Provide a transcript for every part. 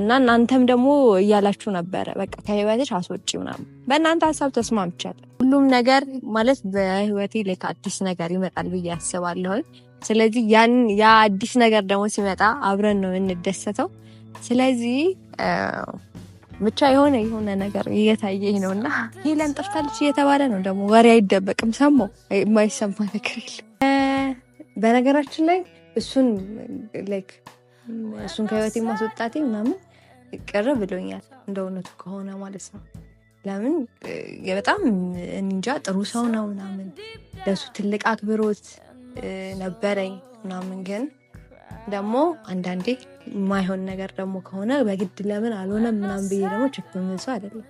እና እናንተም ደግሞ እያላችሁ ነበረ በቃ ከህይወትሽ አስወጪ ምናምን። በእናንተ ሀሳብ ተስማምቻለሁ። ሁሉም ነገር ማለት በህይወቴ ላይ አዲስ ነገር ይመጣል ብዬ አስባለሁኝ። ስለዚህ ያን ያ አዲስ ነገር ደግሞ ሲመጣ አብረን ነው የምንደሰተው። ስለዚህ ብቻ የሆነ የሆነ ነገር እየታየኝ ነው እና ሄለን ጠፍታለች እየተባለ ነው ደግሞ ወሬ አይደበቅም። ሰማው የማይሰማ ነገር የለም። በነገራችን ላይ እሱን ላይክ እሱን ከህይወቴ ማስወጣቴ ምናምን ቅር ብሎኛል እንደ እውነቱ ከሆነ ማለት ነው። ለምን በጣም እንጃ ጥሩ ሰው ነው ምናምን ለሱ ትልቅ አክብሮት ነበረኝ ምናምን ግን ደግሞ አንዳንዴ የማይሆን ነገር ደግሞ ከሆነ በግድ ለምን አልሆነም ምናምን ብዬ ደግሞ ችግር ምንሱ አይደለም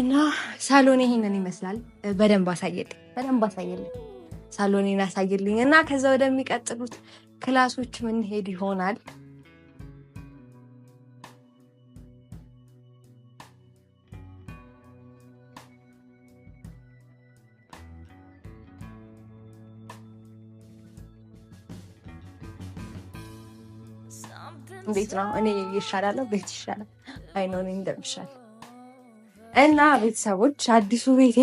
እና ሳሎኔ ይሄንን ይመስላል። በደንብ አሳየልኝ፣ በደንብ አሳየልኝ፣ ሳሎኔን አሳየልኝ እና ከዛ ወደሚቀጥሉት ክላሶች ምን ሄድ ይሆናል። እንዴት ነው እኔ ይሻላለሁ ቤት ይሻላል እኔ እንደምሻል እና ቤተሰቦች አዲሱ ቤቴ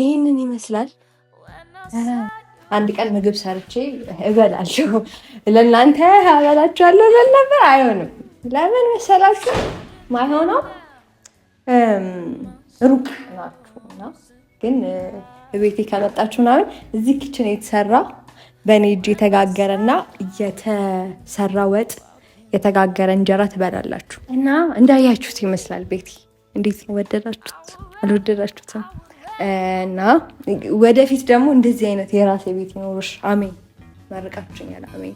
ይህንን ይመስላል። አንድ ቀን ምግብ ሰርቼ እበላለሁ፣ ለእናንተ አበላችኋለሁ ልል ነበር። አይሆንም። ለምን መሰላችሁ? ማይሆነው ሩቅ እና ግን ቤቴ ከመጣችሁ ምናምን እዚህ ኪችን የተሰራ በእኔ እጅ የተጋገረና የተሰራ ወጥ የተጋገረ እንጀራ ትበላላችሁ እና እንዳያችሁት ይመስላል። ቤቲ እንዴት ነው? ወደዳችሁት አልወደዳችሁትም? እና ወደፊት ደግሞ እንደዚህ አይነት የራሴ ቤት ይኖርሽ። አሜን መርቃችሁኛል። አሜን።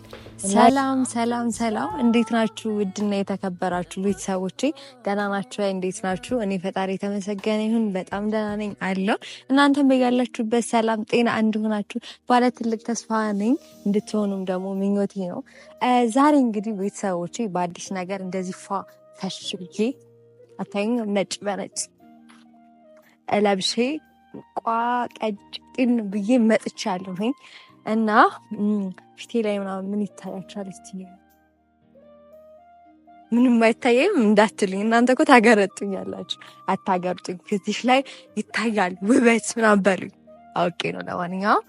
ሰላም ሰላም ሰላም፣ እንዴት ናችሁ? ውድና የተከበራችሁ ቤተሰቦቼ ደህና ናችሁ? እንዴት ናችሁ? እኔ ፈጣሪ የተመሰገነ ይሁን በጣም ደህና ነኝ አለው። እናንተም በያላችሁበት ሰላም ጤና እንድሆናችሁ ባለ ትልቅ ተስፋ ነኝ፣ እንድትሆኑም ደግሞ ምኞቴ ነው። ዛሬ እንግዲህ ቤተሰቦቼ በአዲስ ነገር እንደዚህ ፏ ፈሽ ብዬ አታዩኝ። ነጭ በነጭ ለብሼ ቋ ቀጭን ብዬ መጥቻለሁኝ። እና ፊቴ ላይ ምናምን ምን ይታያችኋል? እስቲ ምንም አይታየም እንዳትልኝ፣ እናንተ እኮ ታገረጡኛላችሁ። አታገርጡኝ፣ ፊትሽ ላይ ይታያል ውበት ምናምን በሉኝ። አውቄ ነው። ለማንኛውም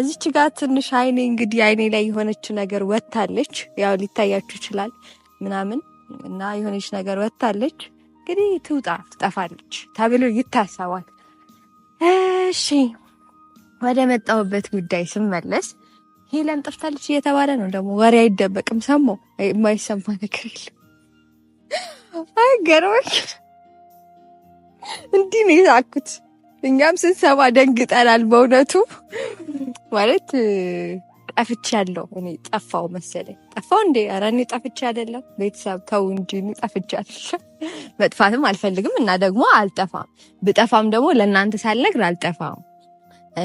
እዚች ጋር ትንሽ አይኔ እንግዲህ አይኔ ላይ የሆነች ነገር ወታለች። ያው ሊታያችሁ ይችላል ምናምን እና የሆነች ነገር ወታለች። እንግዲህ ትውጣ ትጠፋለች ተብሎ ይታሰባል። እሺ ወደ መጣሁበት ጉዳይ ስመለስ ሄለን ጠፍታለች እየተባለ ነው። ደግሞ ወሬ አይደበቅም። ሰሞ የማይሰማ ነገር የለ። አገሮች እንዲህ ነው የሳኩት። እኛም ስንሰማ ደንግጠናል። በእውነቱ ማለት ጠፍቼ ያለው እኔ ጠፋው መሰለኝ። ጠፋው እንዴ? ኧረ እኔ ጠፍቼ አይደለም። ቤተሰብ ተው እንጂ እኔ መጥፋትም አልፈልግም እና ደግሞ አልጠፋም። ብጠፋም ደግሞ ለእናንተ ሳልነግር አልጠፋም።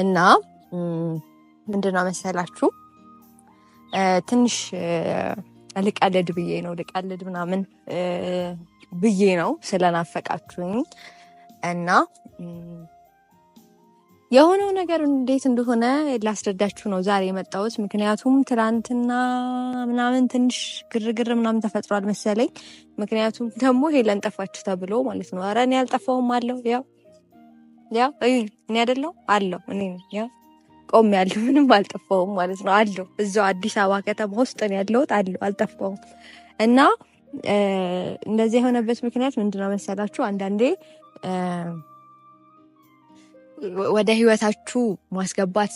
እና ምንድነው መሰላችሁ ትንሽ ልቀልድ ብዬ ነው ልቀልድ ምናምን ብዬ ነው ስለናፈቃችሁኝ እና የሆነው ነገር እንዴት እንደሆነ ላስረዳችሁ ነው ዛሬ የመጣሁት። ምክንያቱም ትናንትና ምናምን ትንሽ ግርግር ምናምን ተፈጥሯል መሰለኝ። ምክንያቱም ደግሞ ሄለን ጠፋች ተብሎ ማለት ነው። ኧረ እኔ ያልጠፋውም አለው ያው ያው እኔ አይደለሁ አለው። እኔ ያው ቆም ያለው ምንም አልጠፋውም ማለት ነው አለው። እዛው አዲስ አበባ ከተማ ውስጥ ነው ያለሁት አለው፣ አልጠፋውም። እና እንደዚህ የሆነበት ምክንያት ምንድነው መሰላችሁ? አንዳንዴ ወደ ህይወታችሁ ማስገባት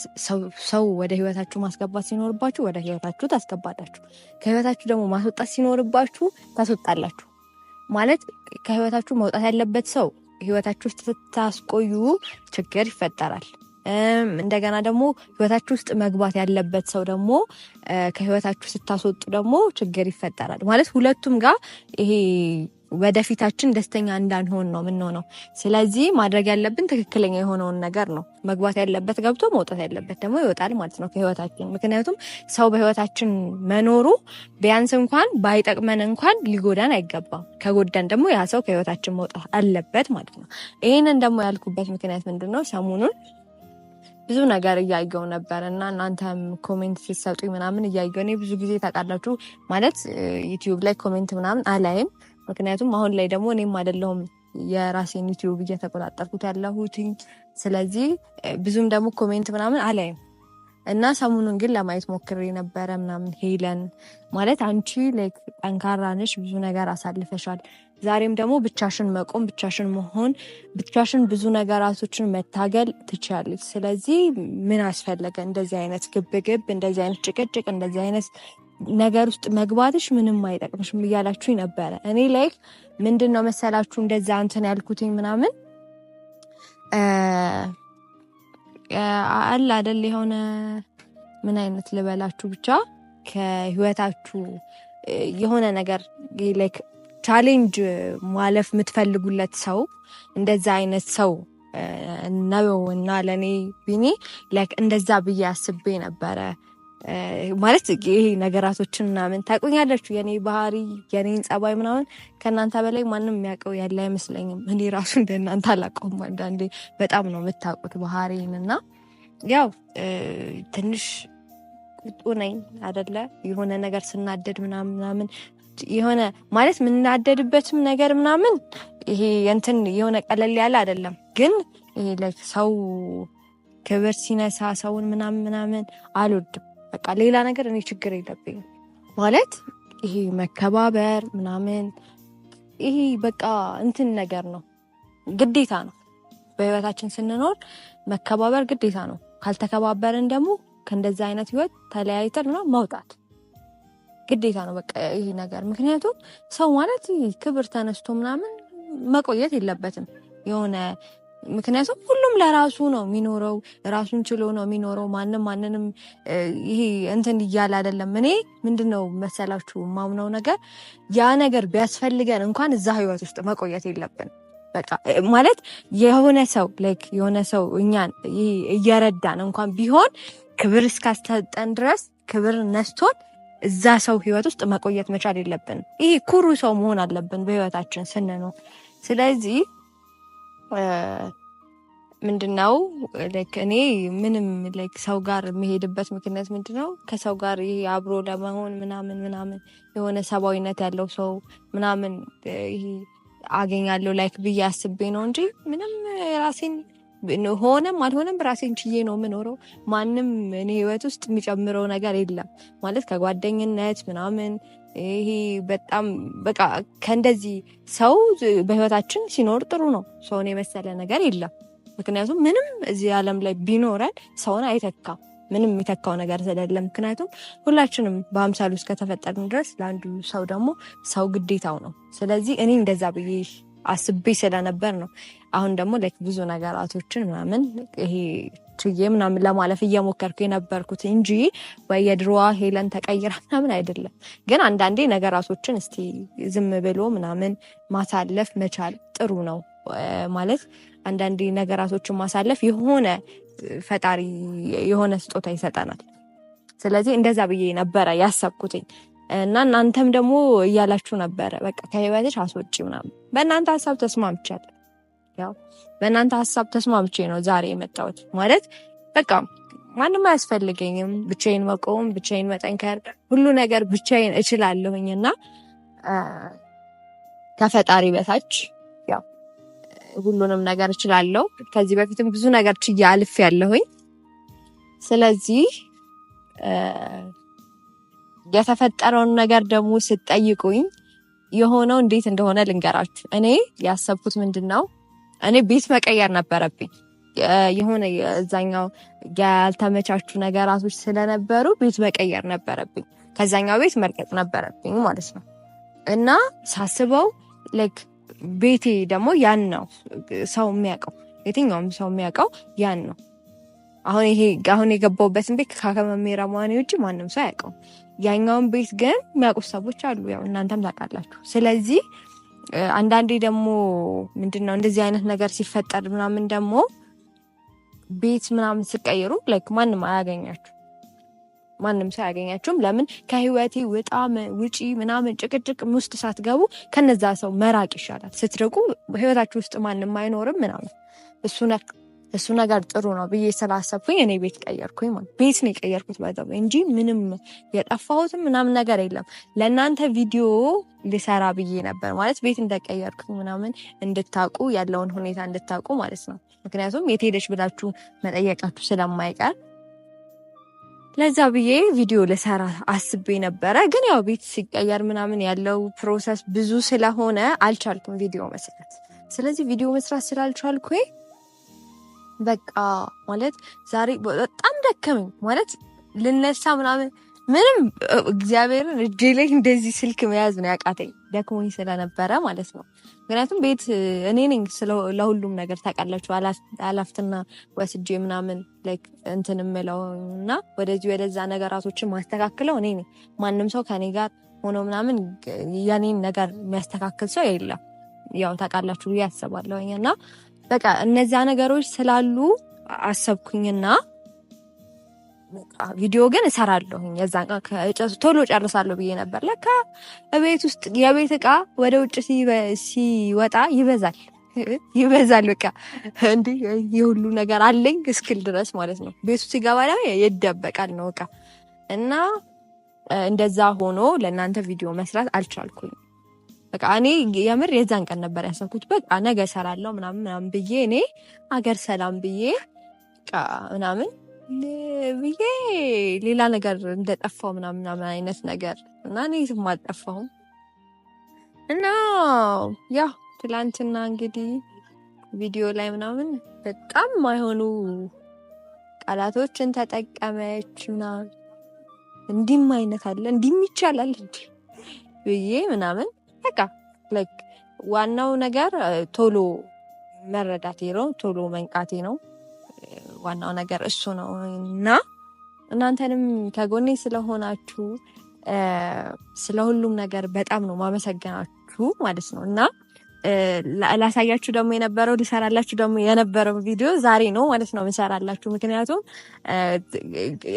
ሰው ወደ ህይወታችሁ ማስገባት ሲኖርባችሁ ወደ ህይወታችሁ ታስገባላችሁ። ከህይወታችሁ ደግሞ ማስወጣት ሲኖርባችሁ ታስወጣላችሁ። ማለት ከህይወታችሁ መውጣት ያለበት ሰው ህይወታችሁ ውስጥ ስታስቆዩ ችግር ይፈጠራል። እንደገና ደግሞ ህይወታችሁ ውስጥ መግባት ያለበት ሰው ደግሞ ከህይወታችሁ ስታስወጡ ደግሞ ችግር ይፈጠራል። ማለት ሁለቱም ጋር ይሄ ወደፊታችን ደስተኛ እንዳንሆን ነው የምንሆነው። ስለዚህ ማድረግ ያለብን ትክክለኛ የሆነውን ነገር ነው። መግባት ያለበት ገብቶ መውጣት ያለበት ደግሞ ይወጣል ማለት ነው ከህይወታችን። ምክንያቱም ሰው በህይወታችን መኖሩ ቢያንስ እንኳን ባይጠቅመን እንኳን ሊጎዳን አይገባም። ከጎዳን ደግሞ ያ ሰው ከህይወታችን መውጣት አለበት ማለት ነው። ይህንን ደግሞ ያልኩበት ምክንያት ምንድን ነው? ሰሞኑን ብዙ ነገር እያየው ነበር እና እናንተም ኮሜንት ሲሰጡኝ ምናምን እያየው እኔ ብዙ ጊዜ ታውቃላችሁ ማለት ዩቲዩብ ላይ ኮሜንት ምናምን አላይም ምክንያቱም አሁን ላይ ደግሞ እኔም አይደለሁም የራሴን ዩቲዩብ እየተቆጣጠርኩት ያለሁት ስለዚህ ብዙም ደግሞ ኮሜንት ምናምን አላይም እና ሰሞኑን ግን ለማየት ሞክሬ ነበረ ምናምን ሄለን ማለት አንቺ ላይክ ጠንካራ ነሽ፣ ብዙ ነገር አሳልፈሻል። ዛሬም ደግሞ ብቻሽን መቆም፣ ብቻሽን መሆን፣ ብቻሽን ብዙ ነገራቶችን መታገል ትችላለች። ስለዚህ ምን አስፈለገ እንደዚህ አይነት ግብግብ፣ እንደዚህ አይነት ጭቅጭቅ፣ እንደዚህ አይነት ነገር ውስጥ መግባትሽ ምንም አይጠቅምሽም እያላችሁ ነበረ። እኔ ላይክ ምንድን ነው መሰላችሁ እንደዛ እንትን ያልኩትኝ ምናምን አለ አደል የሆነ ምን አይነት ልበላችሁ ብቻ ከህይወታችሁ የሆነ ነገር ላይክ ቻሌንጅ ማለፍ የምትፈልጉለት ሰው እንደዛ አይነት ሰው ነው እና ለእኔ ቢኒ ላይክ እንደዛ ብዬ አስቤ ነበረ። ማለት ይሄ ነገራቶችን ምናምን ታቆኛላችሁ። የኔ ባህሪ የኔን ጸባይ ምናምን ከእናንተ በላይ ማንም የሚያውቀው ያለ አይመስለኝም። እኔ ራሱ እንደ እናንተ አላውቀውም። አንዳንዴ በጣም ነው የምታውቁት ባህሪን እና ያው ትንሽ ቁጡ ነኝ አደለ የሆነ ነገር ስናደድ ምናምን ምናምን የሆነ ማለት የምናደድበትም ነገር ምናምን ይሄ እንትን የሆነ ቀለል ያለ አይደለም፣ ግን ይሄ ሰው ክብር ሲነሳ ሰውን ምናምን ምናምን አልወድም በቃ ሌላ ነገር እኔ ችግር የለብኝ ማለት ይሄ መከባበር ምናምን ይሄ በቃ እንትን ነገር ነው፣ ግዴታ ነው። በህይወታችን ስንኖር መከባበር ግዴታ ነው። ካልተከባበርን ደግሞ ከእንደዚህ አይነት ህይወት ተለያይተን ነው መውጣት ግዴታ ነው። በቃ ይሄ ነገር ምክንያቱም ሰው ማለት ክብር ተነስቶ ምናምን መቆየት የለበትም። የሆነ ምክንያቱም ሁሉም ለራሱ ነው የሚኖረው፣ ራሱን ችሎ ነው የሚኖረው። ማንም ማንንም ይሄ እንትን እያለ አይደለም። እኔ ምንድን ነው መሰላችሁ የማምነው ነገር ያ ነገር ቢያስፈልገን እንኳን እዛ ህይወት ውስጥ መቆየት የለብን። በቃ ማለት የሆነ ሰው ላይክ የሆነ ሰው እኛን እየረዳን እንኳን ቢሆን ክብር እስካስተጠን ድረስ ክብር ነስቶን እዛ ሰው ህይወት ውስጥ መቆየት መቻል የለብን። ይሄ ኩሩ ሰው መሆን አለብን በህይወታችን ስንኖር። ስለዚህ ምንድነው ነው እኔ ምንም ሰው ጋር የሚሄድበት ምክንያት ምንድነው ከሰው ጋር ይሄ አብሮ ለመሆን ምናምን ምናምን የሆነ ሰብአዊነት ያለው ሰው ምናምን ይሄ አገኛለሁ ላይክ ብዬ አስቤ ነው እንጂ ምንም ራሴን ሆነም አልሆነም ራሴን ችዬ ነው የምኖረው። ማንም እኔ ህይወት ውስጥ የሚጨምረው ነገር የለም ማለት ከጓደኝነት ምናምን ይሄ በጣም በቃ ከእንደዚህ ሰው በህይወታችን ሲኖር ጥሩ ነው። ሰውን የመሰለ ነገር የለም። ምክንያቱም ምንም እዚህ ዓለም ላይ ቢኖረን ሰውን አይተካም። ምንም የሚተካው ነገር ስለሌለ ምክንያቱም ሁላችንም በአምሳሉ እስከተፈጠርን ድረስ ለአንዱ ሰው ደግሞ ሰው ግዴታው ነው። ስለዚህ እኔ እንደዛ ብዬ አስቤ ስለነበር ነው። አሁን ደግሞ ላይክ ብዙ ነገራቶችን ምናምን ይሄ ችዬ ምናምን ለማለፍ እየሞከርኩ የነበርኩት እንጂ ወይ የድሮዋ ሄለን ተቀይራ ምናምን አይደለም። ግን አንዳንዴ ነገራቶችን እስቲ ዝም ብሎ ምናምን ማሳለፍ መቻል ጥሩ ነው። ማለት አንዳንድ ነገራቶችን ማሳለፍ የሆነ ፈጣሪ የሆነ ስጦታ ይሰጠናል። ስለዚህ እንደዛ ብዬ ነበረ ያሰብኩትኝ እና እናንተም ደግሞ እያላችሁ ነበረ በቃ ከህይወትሽ አስወጪ ምናምን። በእናንተ ሀሳብ ተስማምቻለሁ። ያው በእናንተ ሀሳብ ተስማምቼ ነው ዛሬ የመጣሁት። ማለት በቃ ማንም አያስፈልገኝም፣ ብቻዬን መቆም፣ ብቻዬን መጠንከር፣ ሁሉ ነገር ብቻዬን እችላለሁኝ እና ከፈጣሪ በታች ሁሉንም ነገር እችላለሁ። ከዚህ በፊትም ብዙ ነገር ችዬ አልፍ ያለሁኝ። ስለዚህ የተፈጠረውን ነገር ደግሞ ስትጠይቁኝ የሆነው እንዴት እንደሆነ ልንገራችሁ። እኔ ያሰብኩት ምንድን ነው፣ እኔ ቤት መቀየር ነበረብኝ። የሆነ እዛኛው ያልተመቻቹ ነገራቶች ስለነበሩ ቤት መቀየር ነበረብኝ። ከዛኛው ቤት መልቀቅ ነበረብኝ ማለት ነው እና ሳስበው ልክ ቤቴ ደግሞ ያን ነው ሰው የሚያውቀው፣ የትኛውም ሰው የሚያውቀው ያን ነው። አሁን ይሄ አሁን የገባውበትን ቤት ከከመሜራ መሆን ውጭ ማንም ሰው አያውቀው። ያኛውን ቤት ግን የሚያውቁት ሰዎች አሉ፣ ያው እናንተም ታውቃላችሁ። ስለዚህ አንዳንዴ ደግሞ ምንድን ነው እንደዚህ አይነት ነገር ሲፈጠር ምናምን ደግሞ ቤት ምናምን ስቀይሩ ላይክ ማንም አያገኛችሁ ማንም ሰው አያገኛችሁም። ለምን ከህይወቴ ውጣ ውጪ ምናምን ጭቅጭቅ ውስጥ ሳትገቡ ከነዛ ሰው መራቅ ይሻላል። ስትርቁ ህይወታችሁ ውስጥ ማንም አይኖርም ምናምን እሱ ነገር ጥሩ ነው ብዬ ስላሰብኩኝ እኔ ቤት ቀየርኩኝ። ማለት ቤት ነው የቀየርኩት በዛው እንጂ ምንም የጠፋሁትም ምናምን ነገር የለም። ለእናንተ ቪዲዮ ልሰራ ብዬ ነበር ማለት ቤት እንደቀየርኩኝ ምናምን እንድታቁ ያለውን ሁኔታ እንድታቁ ማለት ነው። ምክንያቱም የት ሄደች ብላችሁ መጠየቃችሁ ስለማይቀር ለዛ ብዬ ቪዲዮ ልሰራ አስቤ ነበረ። ግን ያው ቤት ሲቀየር ምናምን ያለው ፕሮሰስ ብዙ ስለሆነ አልቻልኩም ቪዲዮ መስራት። ስለዚህ ቪዲዮ መስራት ስላልቻልኩ በቃ ማለት ዛሬ በጣም ደከመኝ ማለት ልነሳ ምናምን ምንም እግዚአብሔርን እጄ ላይ እንደዚህ ስልክ መያዝ ነው ያቃተኝ፣ ደክሞኝ ስለነበረ ማለት ነው። ምክንያቱም ቤት እኔ ነኝ ለሁሉም ነገር ታውቃላችሁ፣ አላፍትና ወስጄ ምናምን እንትን ምለው እና ወደዚህ ወደዛ ነገራቶችን ማስተካክለው እኔ ነኝ። ማንም ሰው ከኔ ጋር ሆኖ ምናምን የኔን ነገር የሚያስተካክል ሰው የለም። ያው ታውቃላችሁ ብዬ አስባለሁኝ እና በቃ እነዚያ ነገሮች ስላሉ አሰብኩኝና ቪዲዮ ግን እሰራለሁ። የዛን ቶሎ ጨርሳለሁ ብዬ ነበር። ለካ ቤት ውስጥ የቤት እቃ ወደ ውጭ ሲወጣ ይበዛል ይበዛል በቃ እንዲህ የሁሉ ነገር አለኝ እስክል ድረስ ማለት ነው። ቤቱ ሲገባ ደግሞ ይደበቃል ነው እቃ እና እንደዛ ሆኖ ለእናንተ ቪዲዮ መስራት አልቻልኩኝ። በቃ እኔ የምር የዛን ቀን ነበር ያሰብኩት። በቃ ነገ እሰራለሁ ምናምን ምናምን ብዬ እኔ አገር ሰላም ብዬ ምናምን ብዬ ሌላ ነገር እንደጠፋው ምናምን ምናምን አይነት ነገር እና እኔ የትም አልጠፋሁም። እና ያው ትላንትና እንግዲህ ቪዲዮ ላይ ምናምን በጣም ማይሆኑ ቃላቶችን ተጠቀመች ምናምን እንዲህም አይነት አለ እንዲህም ይቻላል እንዲ ብዬ ምናምን በቃ ዋናው ነገር ቶሎ መረዳቴ ነው፣ ቶሎ መንቃቴ ነው። ዋናው ነገር እሱ ነው እና እናንተንም ከጎኔ ስለሆናችሁ ስለ ሁሉም ነገር በጣም ነው ማመሰገናችሁ ማለት ነው እና ላሳያችሁ ደግሞ የነበረው ልሰራላችሁ ደግሞ የነበረው ቪዲዮ ዛሬ ነው ማለት ነው ምሰራላችሁ። ምክንያቱም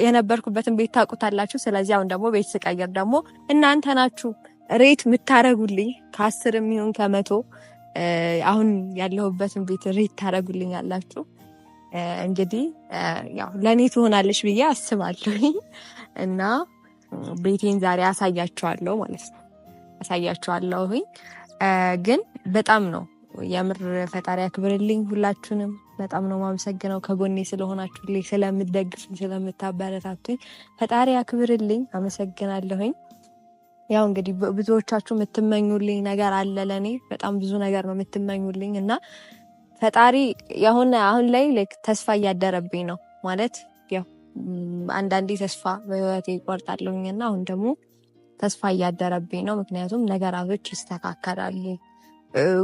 የነበርኩበትን ቤት ታውቁታላችሁ። ስለዚህ አሁን ደግሞ ቤት ስቀየር ደግሞ እናንተ ናችሁ ሬት የምታረጉልኝ ከአስር የሚሆን ከመቶ አሁን ያለሁበትን ቤት ሬት ታረጉልኝ አላችሁ። እንግዲህ ያው ለእኔ ትሆናለች ብዬ አስባለሁ እና ቤቴን ዛሬ አሳያችኋለሁ ማለት ነው። አሳያችኋለሁኝ ግን በጣም ነው የምር ፈጣሪ አክብርልኝ ሁላችሁንም በጣም ነው ማመሰግነው ከጎኔ ስለሆናችሁልኝ፣ ስለምትደግፉኝ፣ ስለምታበረታቱኝ ፈጣሪ አክብርልኝ አመሰግናለሁኝ። ያው እንግዲህ ብዙዎቻችሁ የምትመኙልኝ ነገር አለ ለእኔ በጣም ብዙ ነገር ነው የምትመኙልኝ እና ፈጣሪ የሆነ አሁን ላይ ተስፋ እያደረብኝ ነው ማለት ያው አንዳንዴ ተስፋ በህይወቴ ይቆርጣለኝ እና አሁን ደግሞ ተስፋ እያደረብኝ ነው። ምክንያቱም ነገራቶች ይስተካከላሉ።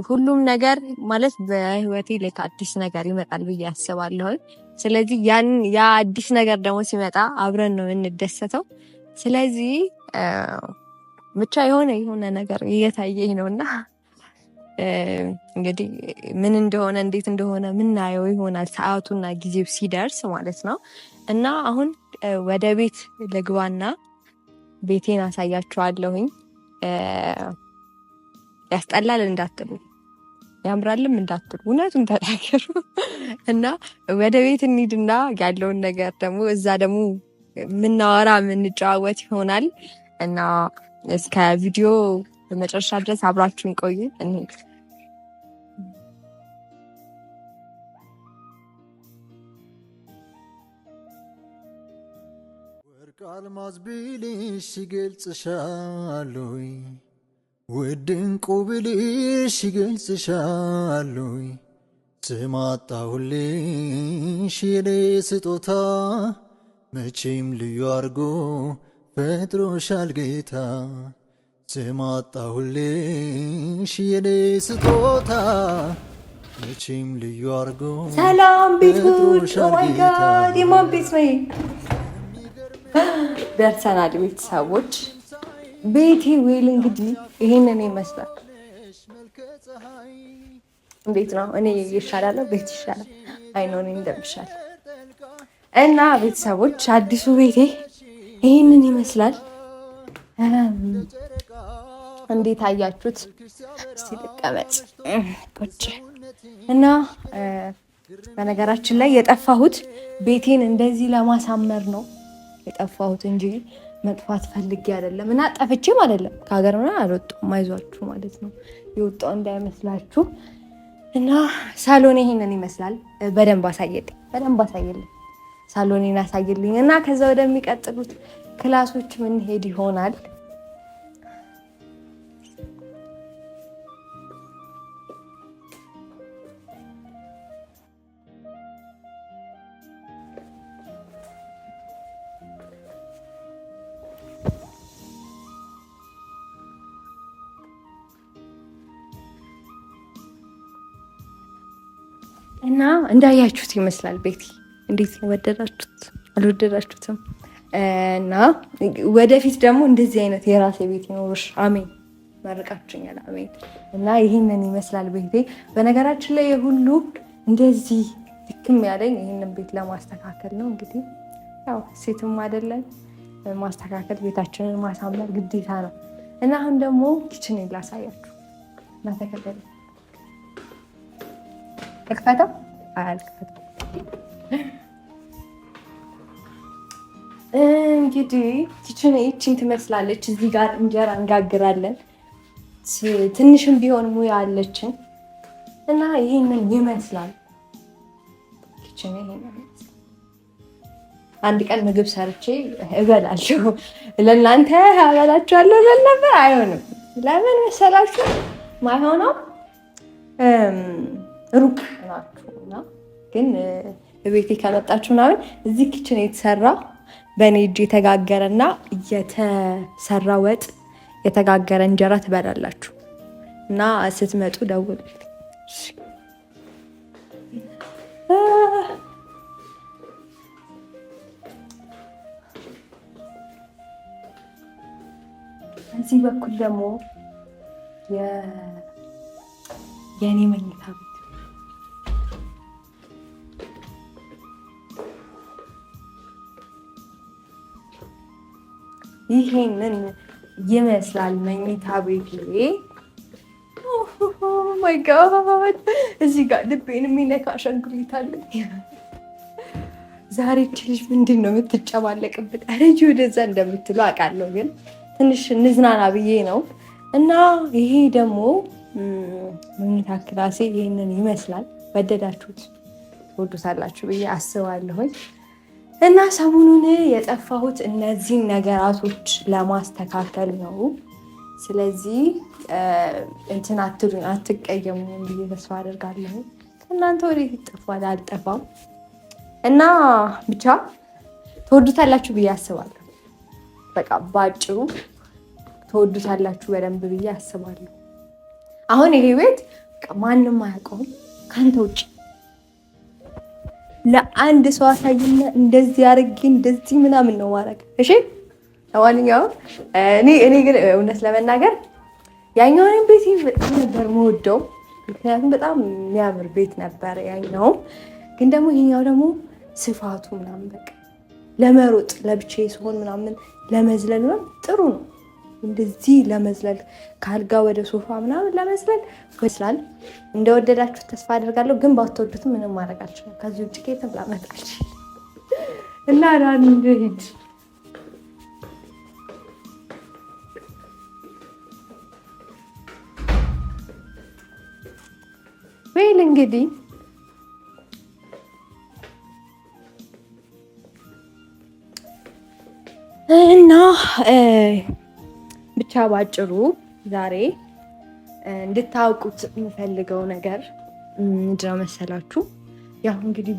ሁሉም ነገር ማለት በህይወቴ ልክ አዲስ ነገር ይመጣል ብዬ አስባለሁ ስለዚህ ያን ያ አዲስ ነገር ደግሞ ሲመጣ አብረን ነው የምንደሰተው። ስለዚህ ብቻ የሆነ የሆነ ነገር እየታየኝ ነው እና እንግዲህ ምን እንደሆነ እንዴት እንደሆነ ምናየው ይሆናል ሰዓቱና ጊዜው ሲደርስ ማለት ነው። እና አሁን ወደ ቤት ልግባና ቤቴን አሳያችኋለሁኝ። ያስጠላል እንዳትሉ ያምራልም እንዳትሉ እውነቱን ተናገሩ። እና ወደ ቤት እንሂድና ያለውን ነገር ደግሞ እዛ ደግሞ ምናወራ የምንጨዋወት ይሆናል እና እስከ ቪዲዮ በመጨረሻ ድረስ አብራችሁን ቆዩ። እንሂድ። አልማዝ ብልሽ ይገልጽሻለይ ውድንቁ ብልሽ ይገልጽሻለይ ስማጣ ሁልሽ የኔ ስጦታ መቼም ልዩ አርጎ ፈጥሮሻል ጌታ ስማጣ ሁልሽ የኔ ስጦታ መቼም ልዩ አርጎ ሰላም ቤት ጉድ ኦማይጋድ የማን ቤት ነው ደርሰናል ቤተሰቦች። ቤቴ ዌል እንግዲህ ይሄንን ይመስላል። እንዴት ነው? እኔ ይሻላለሁ፣ ቤት ይሻላል። አይኖን እንደምሻል እና ቤተሰቦች አዲሱ ቤቴ ይህንን ይመስላል። እንዴት አያችሁት? እስቲ ልቀመጥ ቁጭ እና በነገራችን ላይ የጠፋሁት ቤቴን እንደዚህ ለማሳመር ነው። የጠፋሁት እንጂ መጥፋት ፈልጌ አይደለም እና ጠፍቼም አይደለም። ከሀገር ምና አልወጣሁም። አይዟችሁ ማለት ነው የወጣው እንዳይመስላችሁ እና ሳሎኔ ይሄንን ይመስላል። በደንብ አሳየልኝ፣ በደንብ አሳየልኝ፣ ሳሎኔን አሳየልኝ እና ከዛ ወደሚቀጥሉት ክላሶች ምን ሄድ ይሆናል እና እንዳያችሁት ይመስላል ቤቲ። እንዴት ነው ወደዳችሁት አልወደዳችሁትም? እና ወደፊት ደግሞ እንደዚህ አይነት የራሴ ቤት ይኖርሽ። አሜን። መርቃችኛል፣ አሜን። እና ይህንን ይመስላል ቤቴ። በነገራችን ላይ የሁሉ እንደዚህ ትክም ያለኝ ይህንን ቤት ለማስተካከል ነው። እንግዲህ ያው ሴትም አይደለን ማስተካከል ቤታችንን ማሳመር ግዴታ ነው እና አሁን ደግሞ ኪችን ላሳያችሁ እና ተከተለ አያልቅበት። እንግዲህ ኪችን ይቺን ትመስላለች። እዚህ ጋር እንጀራ እንጋግራለን። ትንሽም ቢሆን ሙያ አለችን እና ይህንን ይመስላል። ኪችን አንድ ቀን ምግብ ሰርቼ እበላለሁ፣ ለእናንተ አበላችኋለሁ ብል ነበር። አይሆንም። ለምን መሰላችሁ? ማይሆነው ሩቅ ናቸው ግን ቤቴ ከመጣችሁ ምናምን እዚህ ኪችን የተሰራ በእኔ እጅ የተጋገረና የተሰራ ወጥ የተጋገረ እንጀራ ትበላላችሁ እና ስትመጡ ደውል። እዚህ በኩል ደግሞ የእኔ መኝታ ይሄንን ይመስላል መኝታ ቤቴ። ማይ ጋድ እዚህ ጋር ልቤን የሚነካ አሻንጉሊት አለኝ። ዛሬ እች ልጅ ምንድን ነው የምትጨማለቅበት? ረጅ ወደዛ እንደምትሉ አውቃለሁ፣ ግን ትንሽ ንዝናና ብዬ ነው እና ይሄ ደግሞ መኝታ ክላሴ ይህንን ይመስላል። ወደዳችሁት፣ ትወዱታላችሁ ብዬ አስባለሁኝ። እና ሰሞኑን የጠፋሁት እነዚህን ነገራቶች ለማስተካከል ነው። ስለዚህ እንትን አትሉኝ፣ አትቀየሙኝ ብዬ ተስፋ አደርጋለሁ። እናንተ ወዴት ይጠፋል? አልጠፋም እና ብቻ ትወዱታላችሁ ብዬ አስባለሁ። በቃ በአጭሩ ትወዱታላችሁ በደንብ ብዬ አስባለሁ። አሁን ይሄ ቤት ማንም አያውቀውም ከአንተ ውጭ ለአንድ ሰው አሳይና እንደዚህ አድርጌ እንደዚህ ምናምን ነው ማድረግ። እሺ፣ ለማንኛውም እኔ እኔ ግን እውነት ለመናገር ያኛውን ቤት በጣም ነበር መወደው፣ ምክንያቱም በጣም የሚያምር ቤት ነበር ያኛውም። ግን ደግሞ ይሄኛው ደግሞ ስፋቱ ምናምን በቃ ለመሮጥ ለብቻዬ ሲሆን ምናምን ለመዝለል ጥሩ ነው። እንደዚህ ለመዝለል ከአልጋ ወደ ሶፋ ምናምን ለመዝለል ይመስላል። እንደወደዳችሁ ተስፋ አደርጋለሁ። ግን ባትወዱትም ምንም ማድረግ አልችልም። ከዚህ ውጭ ኬትም ላመጣ አልችልም እና እንደሄድ ወይል እንግዲህ እና ብቻ ባጭሩ ዛሬ እንድታውቁት የምፈልገው ነገር ምንድነው መሰላችሁ? ያው እንግዲህ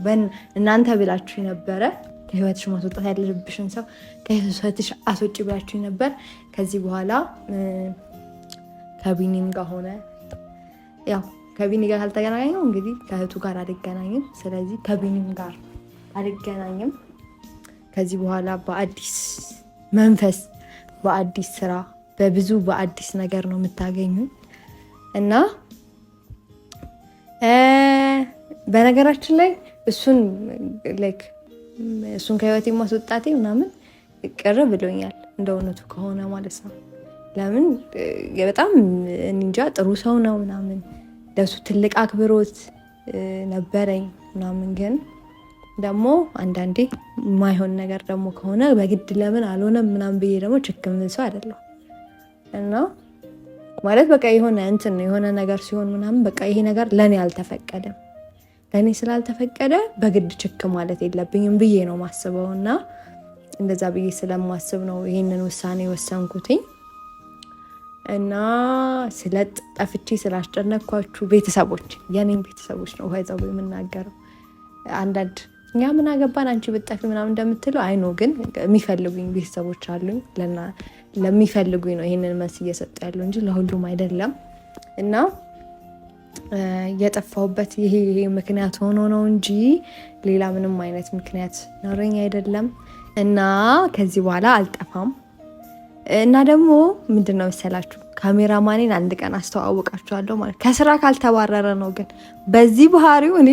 እናንተ ብላችሁ የነበረ ከህይወትሽ ማስወጣት ያለብሽን ሰው ከህይወትሽ አስወጪ ብላችሁ ነበር። ከዚህ በኋላ ከቢኒም ጋር ሆነ ያው ከቢኒ ጋር ካልተገናኘው እንግዲህ ከእህቱ ጋር አልገናኝም። ስለዚህ ከቢኒም ጋር አልገናኝም። ከዚህ በኋላ በአዲስ መንፈስ በአዲስ ስራ በብዙ በአዲስ ነገር ነው የምታገኙ እና በነገራችን ላይ እሱን ላይክ እሱን ከህይወቴ ማስወጣቴ ምናምን ቅር ብሎኛል፣ እንደ እውነቱ ከሆነ ማለት ነው። ለምን በጣም እንጃ ጥሩ ሰው ነው ምናምን፣ ለሱ ትልቅ አክብሮት ነበረኝ ምናምን። ግን ደግሞ አንዳንዴ የማይሆን ነገር ደግሞ ከሆነ በግድ ለምን አልሆነም ምናምን ብዬ ደግሞ ችክም ሰው አይደለም። እና ማለት በቃ የሆነ እንትን የሆነ ነገር ሲሆን ምናምን በቃ ይሄ ነገር ለእኔ አልተፈቀደም፣ ለእኔ ስላልተፈቀደ በግድ ችክ ማለት የለብኝም ብዬ ነው ማስበው እና እንደዛ ብዬ ስለማስብ ነው ይህንን ውሳኔ ወሰንኩትኝ። እና ስለ ጠፍቼ ስላስጨነኳችሁ ቤተሰቦች የኔም ቤተሰቦች ነው ይዘው የምናገረው። አንዳንድ እኛ ምን አገባን አንቺ ብጠፊ ምናምን እንደምትለው አይኖ ግን የሚፈልጉኝ ቤተሰቦች አሉኝ ለና ለሚፈልጉኝ ነው ይህንን መልስ እየሰጡ ያለው እንጂ ለሁሉም አይደለም። እና የጠፋሁበት ይሄ ምክንያት ሆኖ ነው እንጂ ሌላ ምንም አይነት ምክንያት ኖረኝ አይደለም። እና ከዚህ በኋላ አልጠፋም። እና ደግሞ ምንድን ነው መሰላችሁ ካሜራማኔን አንድ ቀን አስተዋወቃችኋለሁ። ማለት ከስራ ካልተባረረ ነው። ግን በዚህ ባህሪው እኔ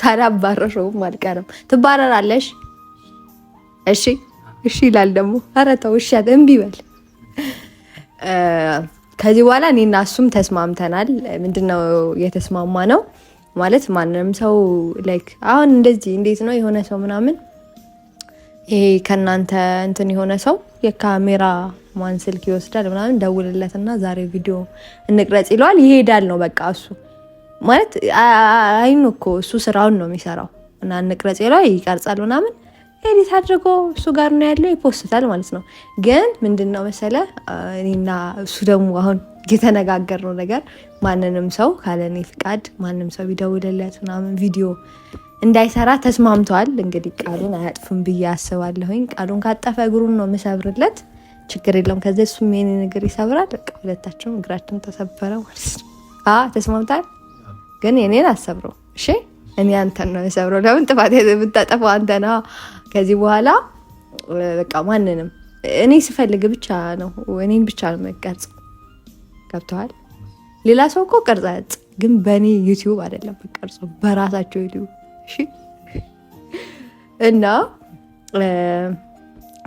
ሳላባረረውም አልቀርም። ትባረራለሽ። እሺ እሺ ይላል ደግሞ። ኧረ ተው እሺ አለ እምቢ በል። ከዚህ በኋላ እኔ እና እሱም ተስማምተናል። ምንድነው የተስማማ ነው ማለት ማንም ሰው ላይክ አሁን እንደዚህ እንዴት ነው የሆነ ሰው ምናምን ይሄ ከእናንተ እንትን የሆነ ሰው የካሜራ ማን ስልክ ይወስዳል ምናምን ደውልለትና ዛሬ ቪዲዮ እንቅረጽ ይለዋል። ይሄዳል ነው በቃ እሱ ማለት አይኑ እኮ እሱ ስራውን ነው የሚሰራው እና እንቅረጽ ይለዋል ይቀርጻል ምናምን ኤዲት አድርጎ እሱ ጋር ነው ያለው ይፖስታል ማለት ነው። ግን ምንድን ነው መሰለ እኔና እሱ ደግሞ አሁን የተነጋገርነው ነገር ማንንም ሰው ካለኔ ፍቃድ ማንም ሰው ቢደውልለት ምናምን ቪዲዮ እንዳይሰራ ተስማምተዋል። እንግዲህ ቃሉን አያጥፉም ብዬ አስባለሁኝ። ቃሉን ካጠፈ እግሩን ነው የምሰብርለት። ችግር የለውም። ከዚ እሱ ሜን እግር ይሰብራል። በቃ ሁለታችንም እግራችን ተሰበረ ማለት ነው። ተስማምታል። ግን የኔን አሰብረው። እሺ እኔ አንተን ነው የሰብረው። ለምን ጥፋት የምታጠፈው አንተ ነህ። ከዚህ በኋላ በቃ ማንንም እኔ ስፈልግ ብቻ ነው እኔን ብቻ ነው መቀርጽ ገብተዋል። ሌላ ሰው እኮ ቅርጽ ያጽ ግን በእኔ ዩቲዩብ አይደለም ቀርጾ በራሳቸው ዩቲዩብ እሺ። እና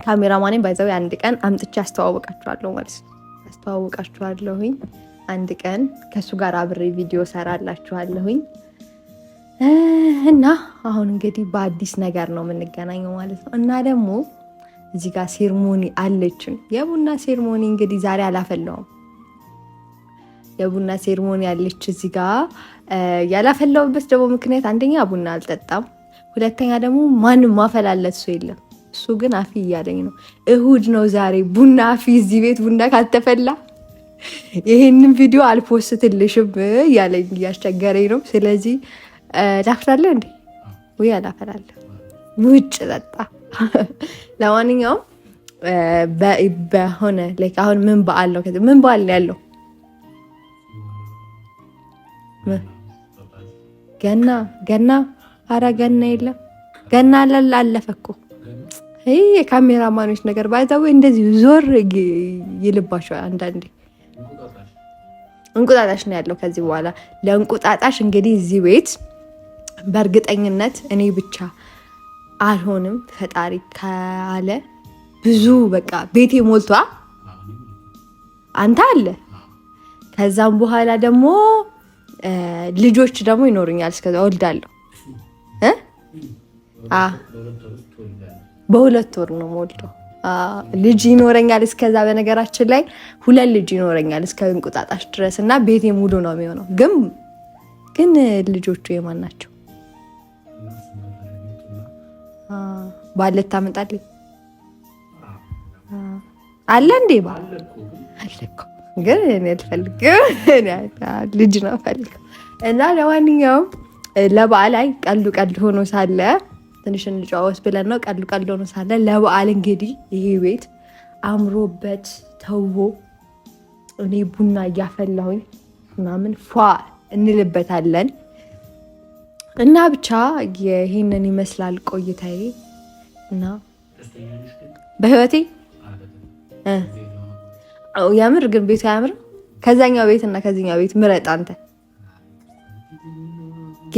ካሜራማኔን ባይዘው አንድ ቀን አምጥቼ አስተዋወቃችኋለሁ ማለት ነው። አስተዋወቃችኋለሁኝ አንድ ቀን ከእሱ ጋር አብሬ ቪዲዮ ሰራላችኋለሁኝ። እና አሁን እንግዲህ በአዲስ ነገር ነው የምንገናኘው ማለት ነው። እና ደግሞ እዚህ ጋር ሴርሞኒ አለችን። የቡና ሴርሞኒ እንግዲህ ዛሬ አላፈላውም። የቡና ሴርሞኒ አለች እዚህ ጋር። ያላፈላውበት ደግሞ ምክንያት አንደኛ ቡና አልጠጣም፣ ሁለተኛ ደግሞ ማንም ማፈላለት ሰው የለም። እሱ ግን አፊ እያለኝ ነው። እሁድ ነው ዛሬ ቡና አፊ። እዚህ ቤት ቡና ካልተፈላ ይሄንን ቪዲዮ አልፖስትልሽም እያለኝ እያስቸገረኝ ነው። ስለዚህ ላፍላለሁ እንዴ? ውይ አላፈላለሁ። ውጭ ጠጣ። ለማንኛውም በሆነ አሁን ምን በዓል ነው? ምን በዓል ያለው? ገና ገና። አረ ገና የለም። ገና ለላ አለፈ እኮ። ይህ የካሜራማኖች ነገር ባይዛዌ እንደዚህ ዞር ይልባቸው አንዳንዴ። እንቁጣጣሽ ነው ያለው ከዚህ በኋላ ለእንቁጣጣሽ እንግዲህ እዚህ ቤት በእርግጠኝነት እኔ ብቻ አልሆንም ፈጣሪ ካለ ብዙ በቃ ቤቴ ሞልቷ አንተ አለ። ከዛም በኋላ ደግሞ ልጆች ደግሞ ይኖሩኛል። እስከዛ ወልዳለሁ። በሁለት ወር ነው ሞልቶ ልጅ ይኖረኛል እስከዛ። በነገራችን ላይ ሁለት ልጅ ይኖረኛል እስከ እንቁጣጣሽ ድረስ እና ቤቴ ሙሉ ነው የሚሆነው። ግን ግን ልጆቹ የማን ናቸው? ባል ታመጣልኝ አለ እንዴ? ባል አለ ግን እኔ አልፈልግም፣ ልጅ ነው ፈልገው እና ለማንኛውም ለበዓል አይ ቀልዱ ቀልድ ሆኖ ሳለ ትንሽ እንጫወት ብለን ነው። ቀሉ ቀልድ ሆኖ ሳለ ለበዓል እንግዲህ ይሄ ቤት አምሮበት ተውቦ እኔ ቡና እያፈላሁኝ ምናምን ፏ እንልበታለን እና ብቻ ይህንን ይመስላል ቆይታዬ። በህይወቴ የምር ግን ቤቱ አያምርም። ከዛኛው ቤት እና ከዚኛው ቤት ምረጥ አንተ።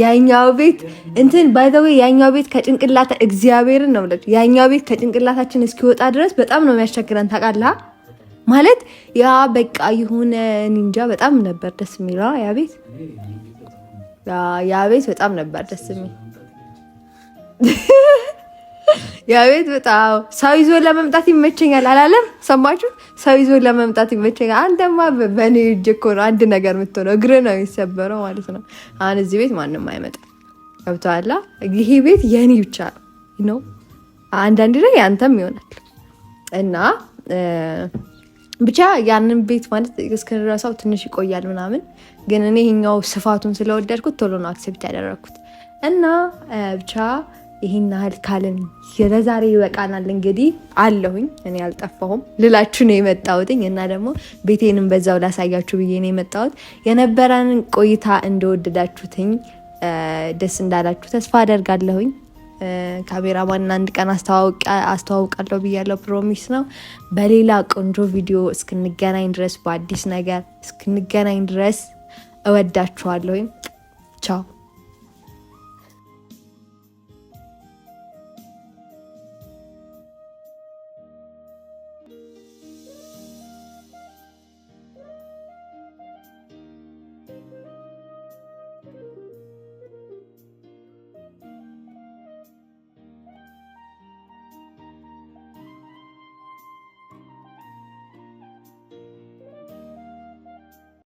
ያኛው ቤት እንትን ባይዘዌ ያኛው ቤት ከጭንቅላታ እግዚአብሔርን ነው የምልህ። ያኛው ቤት ከጭንቅላታችን እስኪወጣ ድረስ በጣም ነው የሚያስቸግረን ታውቃለህ። ማለት ያ በቃ የሆነ እንጃ በጣም ነበር ደስ የሚለው ያ ቤት ያ ቤት በጣም ነበር ደስ የሚል የቤት በጣም ሰው ይዞ ለመምጣት ይመቸኛል አላለም? ሰማችሁ? ሰው ይዞ ለመምጣት ይመቸኛል። አንተማ በእኔ እጅ እኮ ነው አንድ ነገር የምትሆነው፣ እግር ነው የሚሰበረው ማለት ነው። አሁን እዚህ ቤት ማንም አይመጣም። ገብቶሃል? ይሄ ቤት የኔ ብቻ ነው። አንዳንድ ላይ ያንተም ይሆናል እና ብቻ ያንን ቤት ማለት እስክንረሳው ትንሽ ይቆያል ምናምን፣ ግን እኔ ይሄኛው ስፋቱን ስለወደድኩት ቶሎ ነው አክሴፕት ያደረግኩት እና ብቻ ይህን ያህል ካልን ለዛሬ ይበቃናል። እንግዲህ አለሁኝ እኔ አልጠፋሁም ልላችሁ ነው የመጣሁትኝ እና ደግሞ ቤቴንም በዛው ላሳያችሁ ብዬ ነው የመጣሁት። የነበረንን ቆይታ እንደወደዳችሁትኝ ደስ እንዳላችሁ ተስፋ አደርጋለሁኝ። ካሜራማን አንድ ቀን አስተዋውቃለሁ ብያለሁ፣ ፕሮሚስ ነው። በሌላ ቆንጆ ቪዲዮ እስክንገናኝ ድረስ በአዲስ ነገር እስክንገናኝ ድረስ እወዳችኋለሁኝ። ቻው